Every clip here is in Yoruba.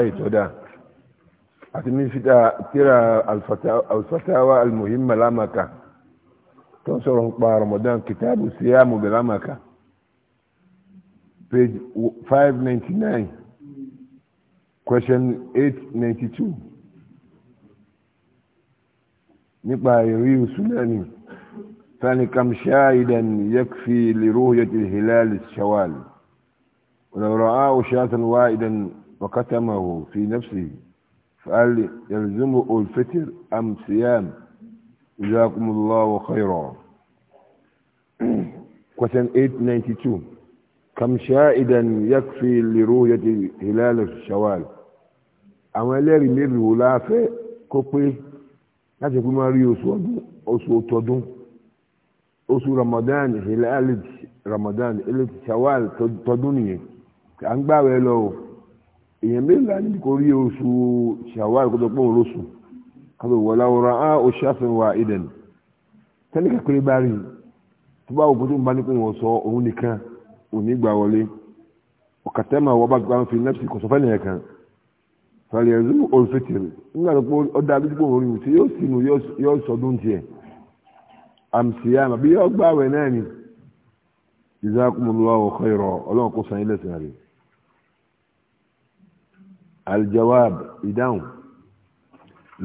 الله تودا أتمي فتا ترى الفتاوى المهمة لامكا تنصر با رمضان كتاب الصيام بلامكا page 599 question 892 نبا يريو سناني ثاني كم شاهدا يكفي لرؤية الهلال الشوال ولو رآه شاة وائدا وكتمه في نفسه فقال يلزمه الفتر أم صيام جزاكم الله خيرا question 892 كم شائدا يكفي لرؤية هلال الشوال àwọn ẹlẹ́rìí mélòó la fẹ́ kó pé láti pé máa rí oṣù ọ̀tọ̀dún oṣù Ramadan hilal Ramadan eléyìí Shawal tọdún nìyẹn à ń gbàwẹ̀ lọ o èèyàn mélòó ní kò rí oṣù ṣàwárí kó tó pọ̀ lóṣù kátó wọlé àwòrán á oṣù àfihàn ìdẹ̀n tẹ́lẹ̀kà péré bá rí tó bá òkú tó ń bá ní kó wọ́n sọ òun nìkan òní gbà wọlé ọ̀kàtẹ́ wọ́n bá gbà fi nẹ́pì kò sọ nìyẹn kan fàlẹ́ ẹ̀rú olùfẹ́tìrì nígbà tó pọ̀ ọ̀dà àbíjú pọ̀ orí wùsí yóò sinú yóò sọdún tiẹ̀ yóò gbà wẹ̀ náà ni jazakumullahu aljawab ìdáhùn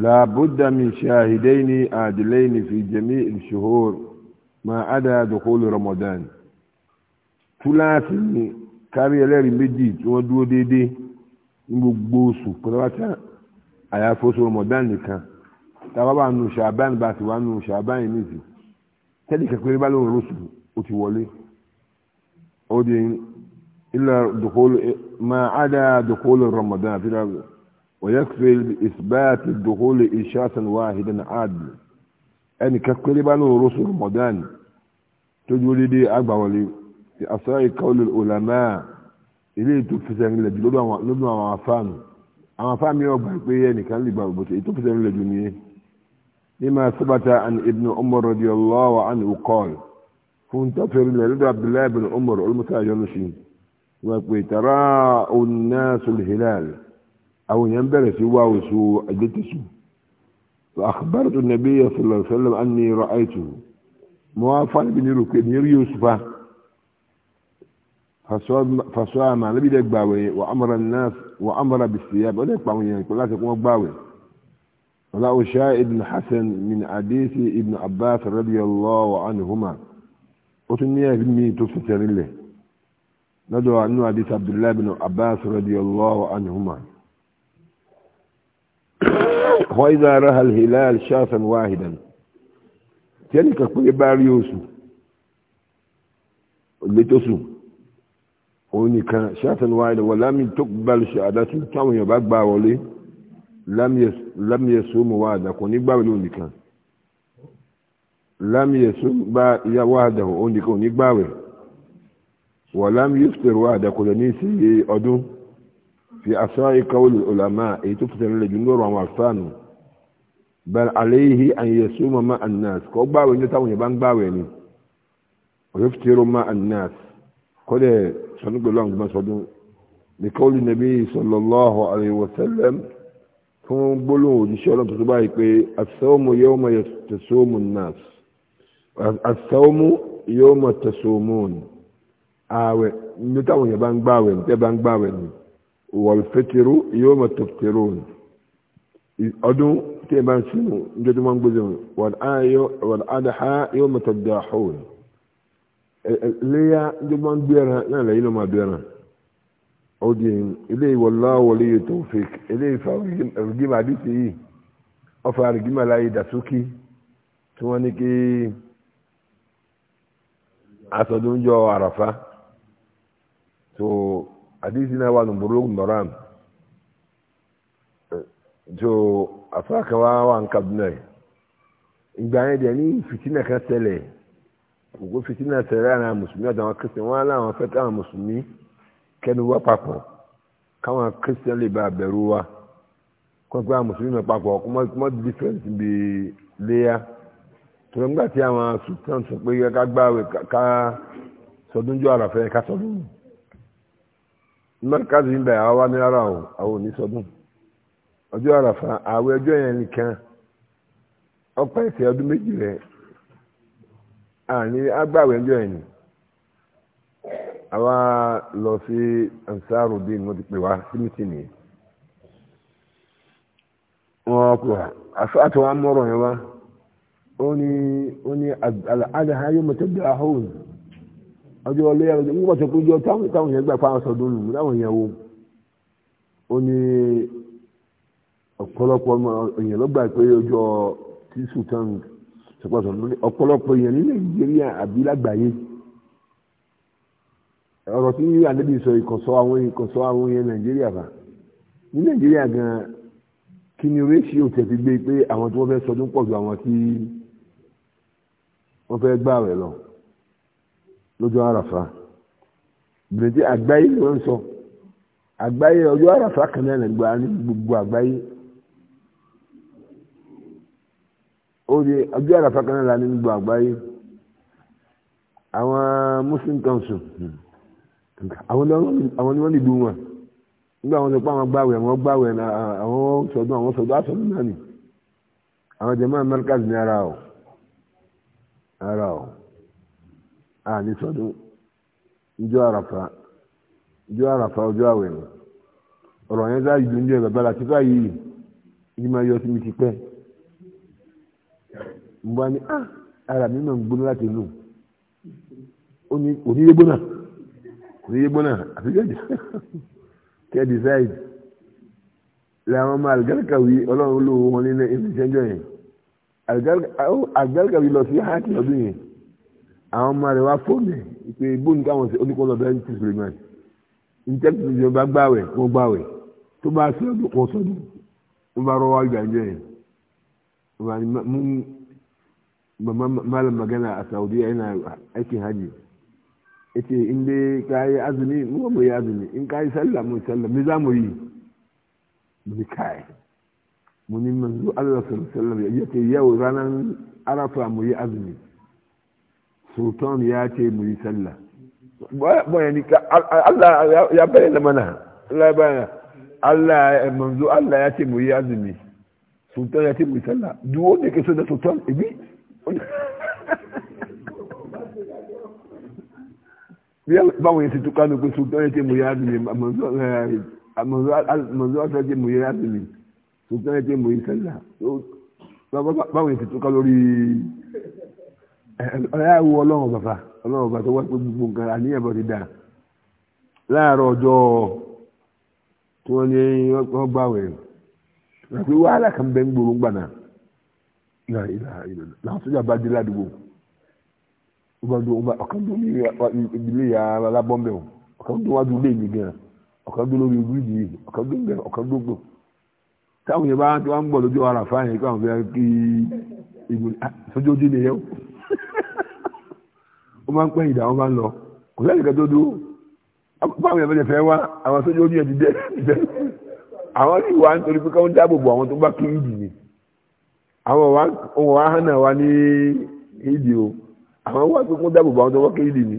làbúdà min ṣàhìdẹ́ni àdìlẹ́ni fi jẹ̀mí ìṣòhóor máa ádá dòkólù ramadan túláàsì ni kárí ẹlẹ́rìí méjì tí wọ́n dúró déédéé ní gbogbo oṣù pẹ̀lúwàtà àyàfóso ramadan nìkan táwa bá nu ṣàbáyé bá ti wá nu ṣàbáyé nìyí tẹ́lẹ̀ kẹ́kẹ́ bá lóun rọ́ṣù ó ti wọlé ó di إلا دخول ما عدا دخول رمضان في ويكفي بإثبات الدخول إشاة واحدا عادل أن يعني كفكر بانو رسول رمضان تجولي دي أربع ولي في أسراء قول العلماء إلي تفزن لجل لبنا وعفان أما فهم يوم بحقية يعني كان لي بابوت إتفزن لجنية لما ثبت عن ابن عمر رضي الله عنه قال فانتفر لرد عبد الله بن عمر المتاجر نشين wọ́n pè tara ọ̀nà sulhilal àwọn èèyàn bẹ̀rẹ̀ sí wá oṣù àjẹtẹ̀sù àkàbàrẹ̀ tó nàbí yasọ̀lọ̀sọ̀lọ̀ àní rọ̀ àìtù mọ́ afáàní bí nírò pé ní rí oṣù fa faso àmà níbi dẹ̀ gbàwẹ̀ wà ámàrà bìsìyà bọ́ dẹ̀ pàwọn èèyàn pẹ̀lú àti kún gbàwẹ̀ ولا شاهد حسن من حديث ابن عباس رضي الله عنهما وتنيه بني تفسر له lọ́dọ̀ àánú àdìsí abdullahi bin abbas radiyallahu anhuma wa idha raha al-hilal shatan wahidan tí ẹnì kan pé bá rí oṣù létósù òun nìkan shatan wahidan wa lam tuqbal shahadatu táwọn èèyàn bá gbà wọlé lam yasumu wahidan kò ní gbà wọlé òun nìkan lam yasum bá ìyá wahdahu òun nìkan ò ní gbà wọlé wọ̀lám yífẹ̀rù àdàkọ̀dọ̀ ní sí ọdún fi asọ́ ìkọlù ọ̀làmà èyí tó fẹsẹ̀ lẹ́jù ń lọ́rọ̀ àwọn àfáànù bẹ̀r àléhì àyẹ̀sù mọ́mọ́ annas kọ́ gbáwẹ̀ ní táwọn yẹn bá ń gbáwẹ̀ ni yífẹ̀rù mọ́ annas kọ́dẹ̀ sọ́nù pẹ̀lú àwọn gbọ́n sọdún ní kọ́lù nàbí sọlọ́lọ́hù àlẹ́wọ̀sẹ́lẹ̀m fún gbólóhùn òjíṣẹ́ ọlọ́run tó báyìí pé asọ́mu yóò mọ̀ yẹ nas asọ́mu yóò mọ̀ tẹ̀sọ́mu nas ààwẹ̀ ní táwọn yẹn bá ń gbà wẹ̀ tẹ́ bá ń gbà wẹ̀ ni wọ̀lfẹ́tìrú yóò mọ̀ tọ̀tìrú ọdún tí ẹ bá ń sinú níjọ́ tó máa ń gbèsè wọ̀n àdáhà yóò mọ̀ tọ̀dàhùn léyà níjọ́ máa ń gbéra náà lẹ́yìn ló máa gbéra ó di ilé ìwọ̀lá wọlé yóò tó fèk ilé ìfà rìgìmà àdìsí yìí ọfà rìgìmà láyé dàsókì tí wọ́n ní kí asọ̀dúnjọ́ so àdìsí náà wà lùmùrú nọ̀ràm so àfúrákà wa wà ń Kaduna yìí ìgbà yẹn dẹ̀ ní fìtínà kan ṣẹlẹ̀ ògbó fìtínà ṣẹlẹ̀ àwọn mùsùlùmí àtàwọn kristian wọn aláwọn fẹ́ káwọn mùsùlùmí kẹnu wá papọ̀ káwọn kristian lè bá bẹ̀rù wa kọ́ńtà àwọn mùsùlùmí mẹ́ papọ̀ kọ́mọ́ difference bíi léyà tòun nígbà tí àwọn sultan sọ pé ká gbáwé ká sọdúnjọ́ àràfẹ́ ká sọdún. ya ń bẹ̀ àwa ní ara ọ̀hún àwọn oníṣọ́dún ọjọ́ àràfà àwẹ̀ ọjọ́ yẹn nìkan ọpẹ́ ọdụm ọdún méjì rẹ̀ àní agbáwẹ̀ ọjọ́ yẹn ni àwa lọ sí ansarudin wọ́n ti ọjọ́ ọlẹ́yà ọjọ́ nígbà tó péjọ táwọn táwọn yẹn gbà pa àwọn sọdún nù láwọn yẹn wo ó ní ọ̀pọ̀lọpọ̀ èèyàn ló gbà pé ọjọ́ tí sultan sọpọ̀sọ̀ lórí ọ̀pọ̀lọpọ̀ èèyàn ní nàìjíríà àbí lágbàáyé ọ̀rọ̀ tí ànábì sọ ìkọ̀sọ́ àwọn ìkọ̀sọ́ àwọn yẹn nàìjíríà fà ní nàìjíríà gan kí ni ratio tẹ̀ fi gbé pé àwọn tí wọ́n fẹ́ sọdún pọ̀ ju àwọn tí wọ́n fẹ́ gbà rẹ̀ lọ lójú àràfà bìrìtì àgbáyé ni wọ́n sọ àgbáyé ọjọ́ àràfà kan náà nígbà ní gbogbo àgbáyé ó di ọjọ́ àràfà kan náà ní gbogbo àgbáyé àwọn muslim council àwọn ni wọ́n lè dùn wọn nígbà wọn sọ pé àwọn gbàwẹ̀ àwọn gbàwẹ̀ àwọn sọdún àwọn sọdún àsọdún náà ni àwọn jẹmọ́ America ní ara o ara o àní ah, sọdún ìjọ àràfà ìjọ àràfà ọjọ́ àwẹ̀ rẹ̀ ọ̀rọ̀ yẹn dá ìlú ní ẹ̀bẹ̀ bala títà yìí ní máa yọ sí mi ti pẹ́ mo bá ní ah, ara mi náà ń gbóná láti inú oníyé gbóná oníyé gbóná àti jẹjẹ kẹ́ decide làwọn ọmọ àlùgálùkàwí ọlọ́run ló wọn nínú ìrìnsẹ́jọ yẹn àlùgálùkàwí lọ sí hákì ọdún yẹn àwọn ọmọ rẹ̀ wá fóònù ẹ̀ pé bóun káwọn ṣe oníkó lọ bẹ́ẹ̀ ti Suleiman njẹ́ tuntun yẹn bá gbàwẹ̀ wọ́n gbàwẹ̀ tó bá ṣe ọdún kan sọdún wọ́n bá rọwọ́ àgbàjọ yẹn wọ́n bá mú mama malam magana a Saudiya yana aikin hajji yace in dai ka yi azumi mu mu yi azumi in ka yi sallah mu sallah me za mu yi mu ni kai mu ni manzo Allah sallallahu alaihi wasallam yace yau ranar arafa mu yi azumi sultan ya ce mu yi sallah bayani ka Allah ya bayyana mana Allah ya bayyana Allah eh, manzo Allah ya ce mu yi azumi sultan ya ce mu yi sallah duk wanda ke so da sultan ibi báwo yẹn ti tún kánú pé sultan ya ce mu yi azumi eh, manzo Allah ya ce mu yi azumi sultan ya ce mu yi sallah báwo yẹn ti tún kánú lórí. ẹ wo ọlọ́run bàbá ọlọ́run bàbá tó wá pé gbogbo nǹkan àníyàn bọ́ ti dà láàárọ̀ ọjọ́ tí wọ́n ní wọ́n gbà wẹ̀ wàhálà kan ń gbòòrò gbà náà ìlà o wájú ilé mi gan lórí gbò táwọn yẹn bá ń bọ̀ lójú ara fẹ́ ah, wọ́n máa ń pẹ́ ìdá wọ́n máa ń lọ kò sẹ́ni kan tó dúró báwọn ẹ̀fẹ́ fẹ́ wá àwọn sójú ojú ẹ̀ ti àwọn sì wá nítorí pé káwọn dáàbò bo àwọn tó bá kí ìdì ni àwọn ohun wa ní ìdì o àwọn wá dáàbò àwọn tó bá kí ìdì ni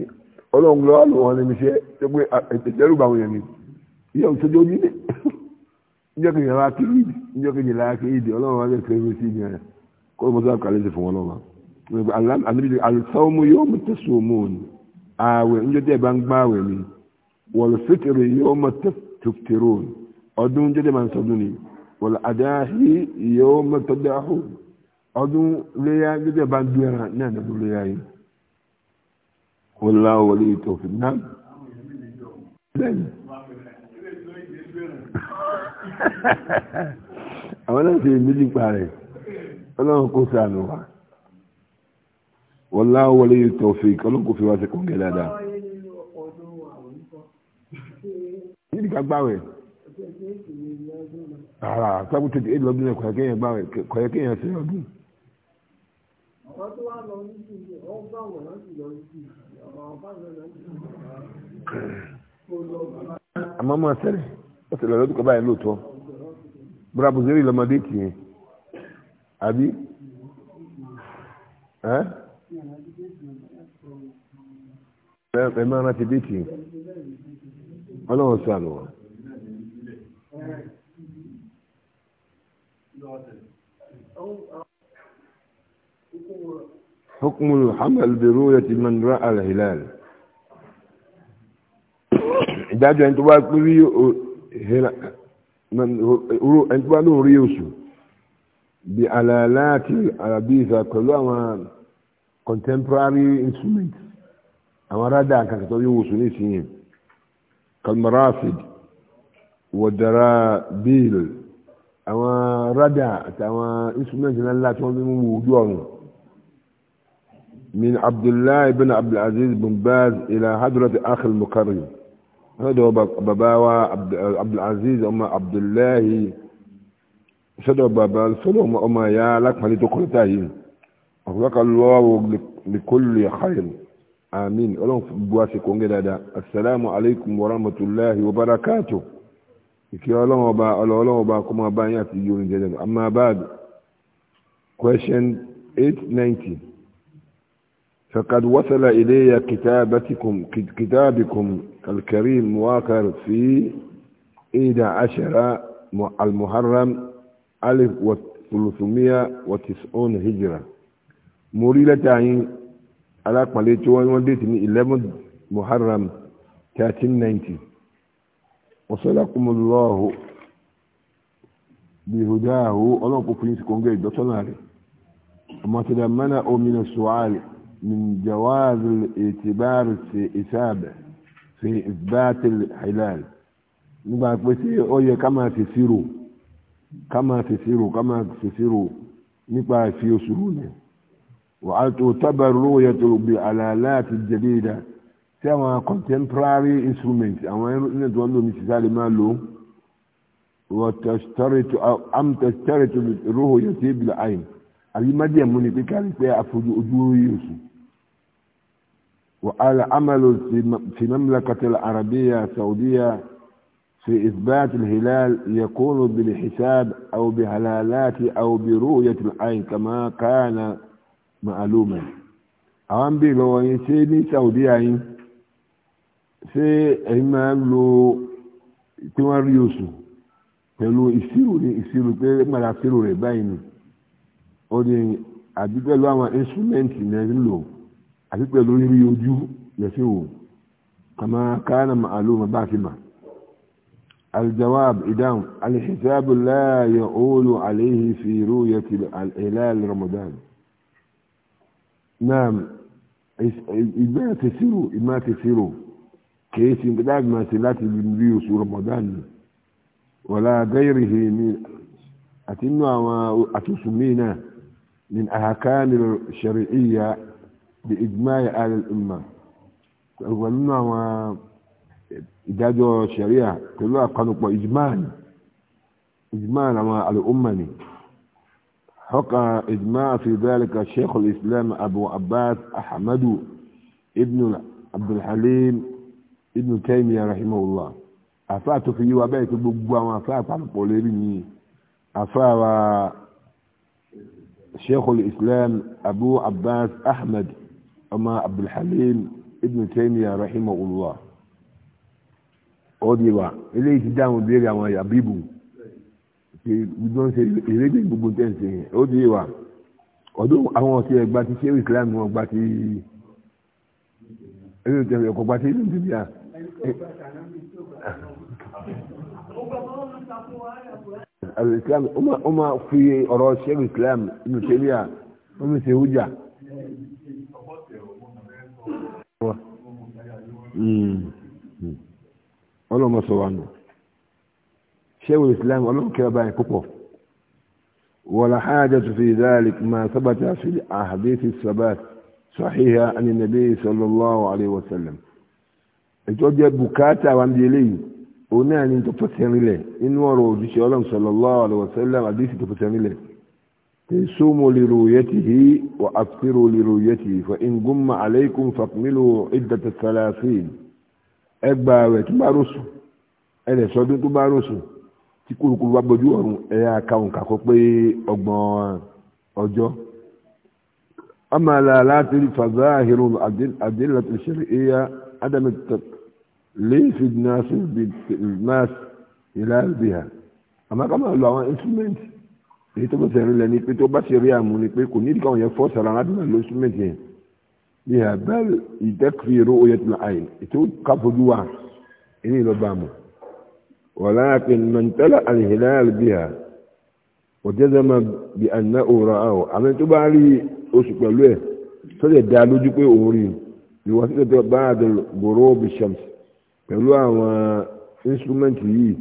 tó pé bá wọn yẹn ni kejì lára kí ìdì alábìlì alùsọ́mù yóò mú tẹ̀sùn òmùn ààwẹ̀ ń jẹ́dẹ̀ bá ń gbá ààwẹ̀ mi wọ̀lù fìtìrì yóò mú tẹ̀tùkìrò ọdún jẹ́dẹ̀ bá ń sọdún ni wọ̀lù àdáhì yóò mú tọ́dáhù ọdún léyà jẹ́dẹ̀ bá ń dún ẹran ní àdàdún léyà yìí wọ́n lá wọlé ìtòfin náà bẹ́ẹ̀ni àwọn náà ti mílí pa rẹ̀ ọlọ́run kó wa. والله ولي التوفيق ọlọ́run fi wá sí kóńgẹ́ dáadáa. yìí ni ká gbáwẹ̀ ara sábà tètè èdè lọ́dún yẹn kọ̀yẹ́ kéèyàn gbáwẹ̀ kọ̀yẹ́ kéèyàn sí ọdún. àmọ́ máa sẹ́lẹ̀ ó sì lọ lọ́dún kan báyìí lóòótọ́ bùrọ̀ àbùzẹ́rì lọ́mọdé kì í àbí ẹ máa rántí déètì ọlọ́run sọ àlùwà. حكم الحمل برؤية من رأى الهلال ìdájọ́ ẹni tó bá pín rí ẹni tó bá lóun rí oṣù bí àlàlá àti àràbí ìsà pẹ̀lú àwọn contemporary instruments àwọn rádà kankan tó yóò wòsàn nísìnyí kalmarafid wọ̀dàrà bíl àwọn rádà àtàwọn instruments ńláńlá tí wọ́n fi ń wo ojú ọ̀run من عبد الله بن عبد العزيز بن باز إلى حضرة أخي المكرم هذا باباوا عبد العزيز أم عبد الله سدوا بابا سدوا أم يا لك مالي تقول تاهين أغلق الله لكل خير آمين ولو بواسي كونجي السلام عليكم ورحمة الله وبركاته ìkí ọlọ́run ọba ọlọ́run ọba kó máa bá yín àti iye orin jẹjẹrẹ amma bad question eight ninety fakad wasala iléya kitaabatikum kitaabikum alkarim muwakar fi ida ashara almuharram alif wa thuluthumia wa tis'un hijra mo rí lẹ́tà yín alápàlẹ́ tí wọ́n dé ti ní eleven muharram thirteen ninety wasalakumullahu bihudahu ọlọ́pàá fún yín sí kóńgẹ́ ìdọ́sọ́nà rẹ̀ ọmọ tí da mẹ́nà omi ní suwali min jawaz al-i'tibar fi isaba fi isbat nígbà pé sí ó ká máa fi sírò ká máa fi sírò ká máa fi sírò nípa fi oṣù rú nìyẹn وتعتبر رؤية بالآلات الجديدة سواء contemporary instruments أو إن تقول مثال ما له وتشترط أو أم تشترط رؤية بالعين المدية من كان في أفوج أجور يوسف والعمل في المملكة العربية السعودية في إثبات الهلال يكون بالحساب أو بهلالات أو برؤية العين كما كان màálùmẹ̀ àwọn ń bèèrè lọ́wọ́ yín ṣé ní Saudi ayin ṣé ẹ̀yin máa ń lo pé wọ́n rí oṣù pẹ̀lú ìṣirò ní ìṣirò pé màdà ṣirò rẹ̀ báyìí ni ó ní àbí pẹ̀lú àwọn instrumenti náà ń lò àbí pẹ̀lú rírí ojú lẹ́sìn wò kàmá kánà màálùmẹ̀ bá ti mà. الجواب إدام الحساب لا يقول عليه في رؤية الهلال رمضان náà ìgbẹ́ tẹ̀síro ìmá tẹ̀síro kìí ṣe nígbà tí máa ṣe láti rí oṣù Ramadan ni wàlá gáírì hìmí àti inú àwọn àtúnṣù míì náà ní àhàkáàní ṣàrí'íyà bí ìgbìmáyà alẹ́lùmá pẹ̀lú inú àwọn ìdájọ́ ṣàríà pẹ̀lú àpanupọ̀ ìjìmáà ni ìjìmáà àwọn alẹ́lùmá ni. حقى إجماع في ذلك الشيخ الإسلام أبو عباس أحمد ابن عبد الحليم ابن تيمية رحمه الله أفات في وبيت بقوة وأفات على بوليني أفا شيخ الإسلام أبو عباس أحمد أما عبد الحليم ابن تيمية رحمه الله أودي إليه دام بيري أما بيبو ìjọ ń ṣe ìrégbè gbogbo tẹ̀ ń ṣe yẹn ó ti wà ọdún àwọn ọ̀sẹ̀ ẹ̀gbá ti ṣé ìsìlámù wọn gbá ti ẹ̀rọ ìtẹ̀wé ẹ̀kọ́ gbá ti ìlú bíbí à. ẹ̀rọ ìsìlámù ó máa fi ọ̀rọ̀ ṣé ìsìlámù inú tẹ̀lé à ó mi ṣe hújà. ọlọ́mọ sọ wa nù. شيخ الإسلام ولم كبا كبوف ولا حاجة في ذلك ما ثبت في الأحاديث الثبات صحيحة عن النبي صلى الله عليه وسلم ìtọ́jẹ́ bukata wa ń bi eléyìí òun náà ni tó fẹsẹ̀ rinlẹ̀ inú ọ̀rọ̀ òjíṣẹ́ ọlọ́run sallallahu alaihi wasallam àdéhìí tó fẹsẹ̀ rinlẹ̀ pé sumu li ru'yatihi wa aftiru li ru'yatihi fa in gumma alaykum fakmilu iddata salasin ẹgbàá rẹ̀ tó bá rọ̀sùn ẹ̀rẹ̀ sọdún tó tí kúrukúru bá gbójú ọ̀run ẹ̀yà akáwọn kàkọ́ pé ọgbọ̀n ọjọ́ أما لا لا فظاهر الأدلة الشرعية عدم ليس الناس بالناس هلال بها أما كما لو instrument èyí tó bá sẹ̀rí lẹ́ni pé tó bá ṣe rí àmú ni pé kò ní ìdíkàwọn yẹn fọ́ sara láti máa lo instrument yẹn bí i abẹ́l ìdẹ́kiri ro oyè tó láàyè ètò káfojú wa èyí ló bá ولكن من تلأ الهلال بها وجزم بأنه رآه عمل تبالي أشكر له سيدي دالو جيكي أورين بواسطة بعض الغروب الشمس pẹ̀lú àwọn instrumenti yìí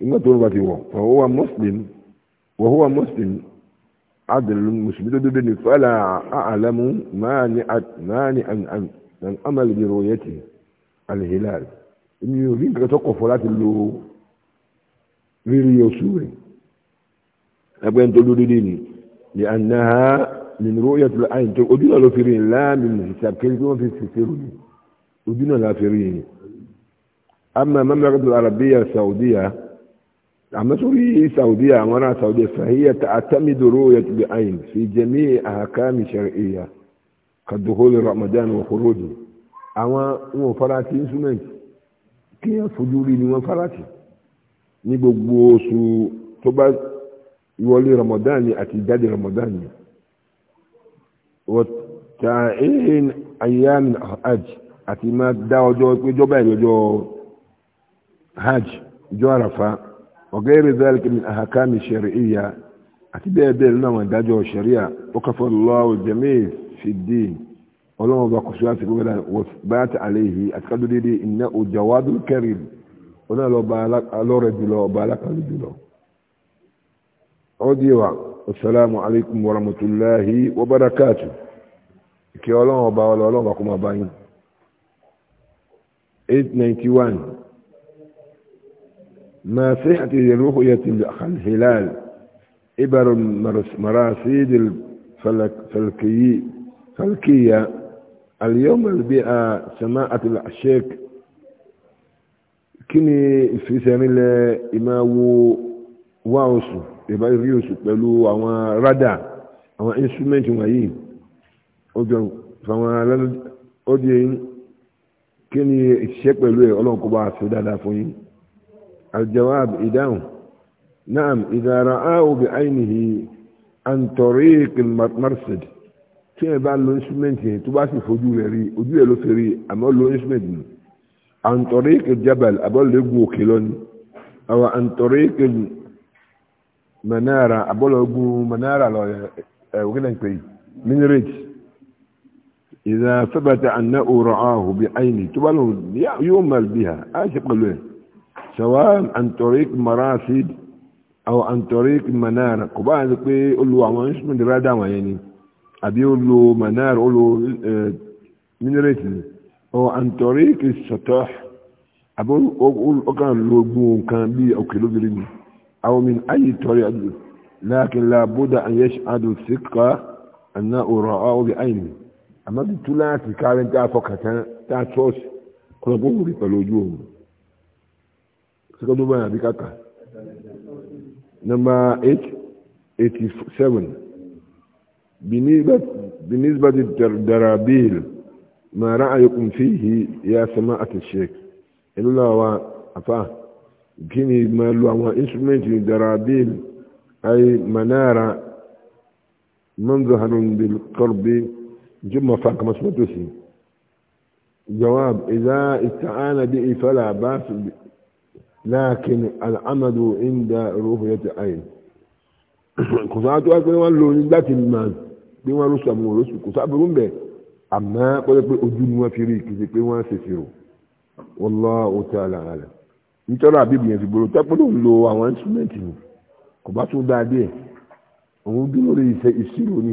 nígbà tó bá ti wọ̀ fọwọ́wà muslim wọ̀húwà muslim adìlú musulmi tó dúdú ní fẹ́lá àlámú máa ní àmàlì ìròyẹ́tì alìhìláàrí ní orí nǹkan tó kọ̀fọ́ láti lo rírí oṣù rẹ̀ ẹgbẹ́ ń tó dúdú dé ni ní anáhà min ru'yatul ayn tó ojú náà ló fi rí ni láàmì mùsùlùmí kí wọ́n fi ṣiṣẹ́ rú ni ojú náà la fi rí ni. amma mamlakatul arabiya saudiya amma suri saudiya wana saudiya fahiya ta'tamidu ru'yat bi'ayn fi jami'i ahkam shar'iyya ka dukhul ramadan wa khuruji àwọn wọn farati instrument kí wọn fojú rí ni wọn farati ní gbogbo oṣù tó bá ìwọlé Ramadan ni àti ìjáde Ramadan ni wọ́tà ẹ̀yìn ayélujára hajj àti máa dá ọjọ́ pé jọba ìrọ̀jọ́ hajj ìjọ àràfà ọ̀gá èrè zálìkì ní àhàkámi ṣẹ̀ríyà àti bẹ́ẹ̀ bẹ́ẹ̀ lọ́nà àwọn ìdájọ́ ṣẹ̀ríyà ó kàfọ́ lọ́wọ́ jẹ́mí fìdí ọlọ́wọ́ bá kọ̀ṣọ́ àti gbọ́dọ̀ wọ́n bá ta àléhìí àti kádó déédéé ìnáwó jawadul karim ọ̀nà lọ́ba alọ́rẹ̀ jùlọ ọba alákàlù jùlọ. ọdí wa assalamu alaikum warahmatullahi wabarakatu ìkẹ́ ọlọ́run ọba ọlọ́run ọba kó máa bá yín. 891 ما صحة رؤية الهلال عبر مراسيد الفلكية اليوم البيئة سماعة الشيخ kí ni ìfisẹ̀rinlẹ̀ ìmáwo wá oṣù ìbá rí oṣù pẹ̀lú àwọn rádà àwọn instrument wọ̀nyí ó jọ fáwọn ọdẹ yín kí ni ìṣiṣẹ́ pẹ̀lú ẹ̀ ọlọ́run kó bá ṣe dáadáa fún yín aljawab ìdáhùn naam ìdára áwò bí àìníhì antoric marsid tí ẹ bá lo instrument yẹn tó bá sì fojú rẹ̀ rí ojú ẹ̀ ló fi rí àmọ́ lo instrument nù. عن طريق الجبل أبول لقو كيلون أو عن طريق المنارة أبول لقو منارة وكذا كوي من ريت إذا ثبت أنه رعاه بعينه تبالو يؤمل بها أيش يقولون سواء عن طريق مراسد أو عن طريق منارة قبعد كوي قلوا عمان اسم درادة يعني أبي قلوا منار قلوا من ريت ọ àǹtọ̀rí kì í sọ̀tọ̀ àbọ̀ ọkàn lóògùn nǹkan bí òkè lóbìnrin ni àwọn mi ayé tọ́rí àdùn láàkín làbúdà àyẹ̀ṣ àdùn síkà àná òrò àwọn bí àyìn àmọ́ ti tú láti kárí tá a fọkàn tán tá a tọ́ọ̀sì kọ́nà kó wù rí pẹ̀lú ojú òun sẹ́kọ́ndó báyìí àbí kàkà nọ́mbà eight eighty seven bìnísbà ti dàrà bíìlì. ما رأيكم فيه يا سماعة الشيخ إلا وأفا كيني ما لو أما إنسمنت درابيل أي منارة منظهر بالقرب جمع فاق مسمتوسي جواب إذا استعان به فلا بأس لكن العمد عند رؤية عين kò sáà tó wá pé wọ́n lo nígbà tí mà bí wọ́n rú sàmúlò lóṣù kò sáà burú bẹ́ẹ̀ àmọ́ pẹ́lú pé ojú ni wọ́n fi rí kìí ṣe pé wọ́n ṣe ṣe rò wallahu ta'ala alam nítorí àbíbí yẹn fi gbòòrò tẹ́pọ́lọ́ ń lo àwọn instrument ni kò bá tún dáa díẹ̀ òun dún lórí iṣẹ́ ìṣirò ni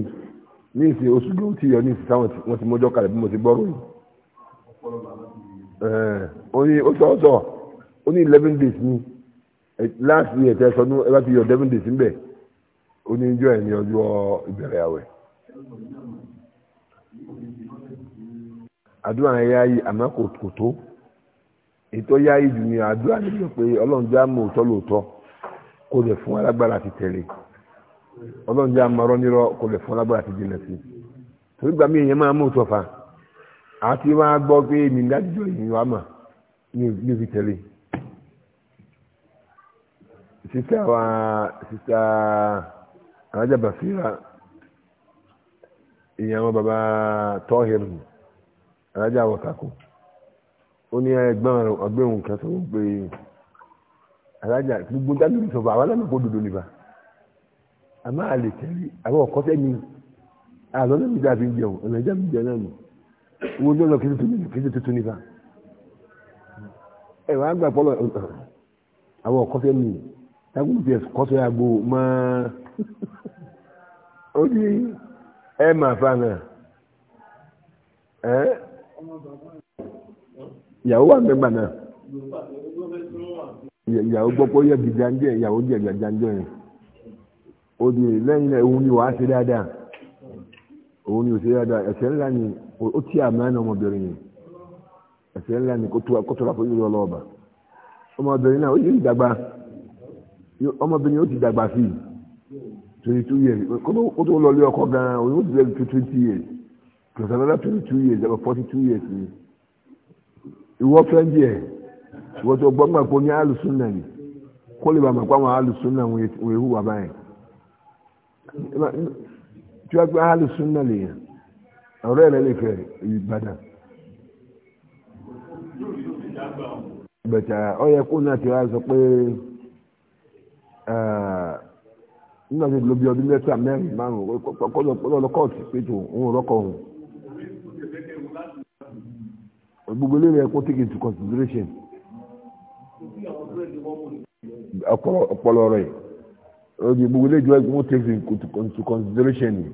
ní ìsìn oṣù tó ti yọ ní ìsìn táwọn wọn ti mọ́jọ́ kalẹ̀ bí mo ti gbọ́rọ̀ yìí ó ní ó sọ̀ọ̀sọ̀ ó ní eleven days ni last year tẹ́ sọ ní ẹ bá ti yọ eleven days níbẹ̀ ó ní ijọ́ ẹ̀ ní ọjọ́ ìbẹ̀rẹ̀ àwẹ̀. àdúrà yẹn yá yìí àmọ́ kò tó ètò yá yìí jù ní àdúrà níbi pé ọlọ́run já mọ̀ òótọ́ lóòótọ́ kò lè fún alágbára ti tẹ̀lé ọlọ́run já kò lè fún alágbára ti jìnà sí torí gbà mí èèyàn máa mú òótọ́ fa àti gbọ́ pé èmi mà ní tẹ̀lé sísá wa sísá alájà ìyàwó tọ́hìrì. alájà wọ̀tàkù ó ní ẹgbọ́n ọgbẹ́hùn kan tó ń pè alájà gbogbo dájú ìsọ̀bà àwọn alámọ̀kò dòdò nìbà àmọ́ àlè tẹ̀lé àwọn ọ̀kọ́ sẹ́ni àlọ́ lẹ́mí dàbí jẹun ọ̀nà ìjà mi jẹ náà nù owó ní ọ̀nà kéde tuntun nìbà ẹ wàá gbà pọ́lọ̀ àwọn ọ̀kọ́ sẹ́ni tágùn tiẹ̀ kọ́sọ́ yàgò mọ́ ó ní ẹ mà fa náà ẹ. ìyàwó wà mẹ́gbà náà ìyàwó gbọ́ yẹ gìdánjẹ́ ìyàwó yẹn di lẹ́yìn náà ni wàá ṣe dáadáa òun ni dáadáa ẹ̀ṣẹ̀ ńlá ni ó tí àmì àná ọmọbìnrin yẹn ẹ̀ṣẹ̀ ńlá ni kó tó lápò ọmọbìnrin náà ó yẹ ìdàgbà ọmọbìnrin ọkọ gan-an òun ó ti lẹ́yìn twenty years ìwọ fẹ́ ń díẹ̀ ìwọ tó gbọ́ mọ̀ pé ó ní alùsùnà ni kó lè bá mọ̀ pé àwọn alùsùnà wọ́n ehu wà báyìí tí wọ́n gbé alùsùnà lè yàn ọ̀rẹ́ rẹ lè fẹ́ Ìbàdàn. bẹ̀tà ọ yẹ kó náà ti wá sọ pé nígbà tó lóbi ọdún mẹ́ta mẹ́rin márùn-ún kọ́ lọ kọ́ọ̀tù pé tó òun rọ́kọ̀ òun gbogbo eléyìí ẹ̀kọ́ take into consideration ọpọlọ rẹ̀ oge gbogbo eléyìí ẹ̀kọ́ take into consideration ni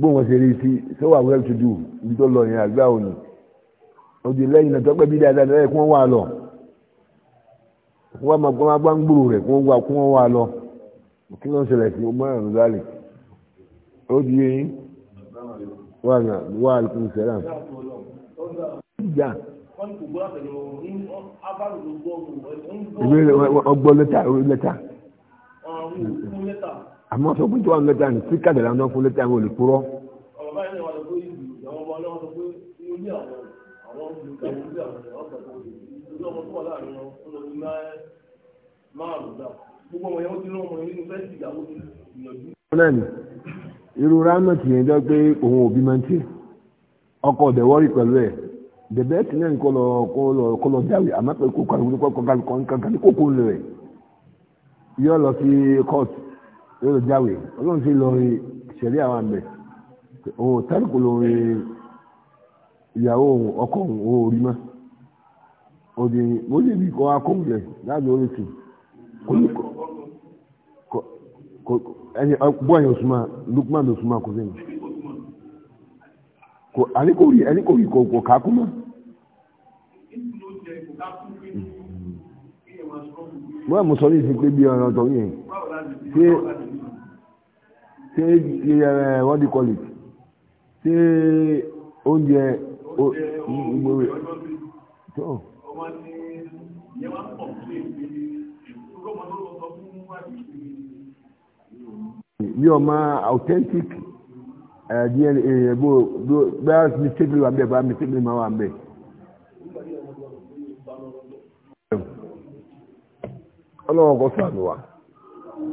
bó wọn ṣe rí sí so wà well to do ibi tó lọ yẹn àgbà òní oge lẹ́yìn náà tọ́pẹ́ bí dáadáa lẹ́yìn kí wọ́n wà lọ wọ́n máa gbá ń gbòòrò rẹ̀ kí wọ́n wà kí wọ́n wà lọ kí ló ṣẹlẹ̀ sí ọmọ ẹ̀rọ lálẹ́ ó di wà ní wà ní kùn sẹ́lá jà. ọgbọ́ lẹ́tà orí lẹ́tà. àmọ́ sọ pé tó wà lẹ́tà ní sí kàdé làwọn fún lẹ́tà àwọn olùkúrọ́. Gbogbo ọmọ yẹn ó ti lọ́mọ yẹn nínú fẹ́ẹ̀sì ìyàwó ti gbìyànjú. Ọ̀nà ni irú rámọ̀tì yẹn jọ pé òun òbí máa ń tiẹ̀ ọkọ̀ ọ̀dẹ̀ wọ́rì pẹ̀lú ẹ̀ the best náà ni kọlọ kọlọ kọlọ jáwé àmọ́ pé kó kọlọ kọlọ kọlọ kọlọ kókó lè rẹ̀ yóò lọ sí court yóò lọ jáwé ọlọ́run sì lọ rí ìṣẹ̀lẹ̀ àwọn àmì òun tẹ́lifù lọ rí ìyàwó òun ọkọ òun òun ò rí mọ́ òdì mo lè bí kọ́ akóńgbẹ̀ láti orí tù kò ní bọ́ọ̀yìn òsùnmá Lukman òsùnmá kò sẹ́yìn àní kò rí ẹni kò rí kò kákú mọ́. wọ́n mú sọ ní ìsìn pé bí ọ̀rọ̀ tó yẹn ṣé ṣé wọ́n di kọ́lì ṣé oúnjẹ ìgbòho tó. mi ò máa authentic DNA bó bẹ́ẹ̀ mistake wà bẹ́ẹ̀ bá máa wà bẹ́ẹ̀. ọlọ́wọ́ kọ́ wa.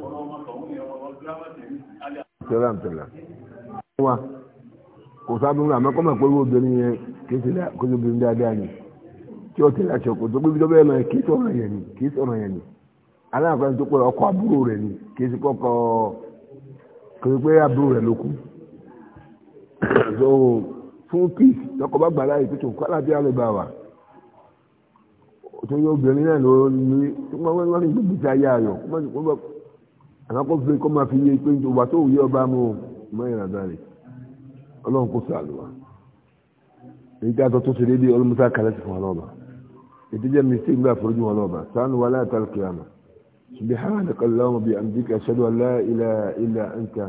wa kò obìnrin yẹn kì í ṣe kó obìnrin dáadáa ni tí ó tẹ̀lé aṣọ kò tó gbé bíjọ́ bẹ́ẹ̀ máa kì í sọ̀rọ̀ yẹn ni kì í sọ̀rọ̀ yẹn ni tó pẹ́ àbúrò rẹ̀ ni so fún peace lọ́kọ̀ bá gbà láàyè pẹ̀tù kọ́ láti àlùbá wa tó yẹ obìnrin náà ló ní wọ́n wọ́n ní gbogbo ti ayé ayọ̀ àwọn kò fi kọ́ máa fi yé pé ìjọba tó yẹ ọba mú ọmọ ìrànlọ́dà rẹ̀ ọlọ́run kò sọ àlùwà èyí tí tó ṣe déédéé ọlọ́mọta kàlẹ́ sí fún ọlọ́ọ̀bà ètò jẹ́ mistake gba àforíjì wọn ọlọ́ọ̀bà sanu wàhálà àtàlùkìyàmà subhanaka allahumma bi amdika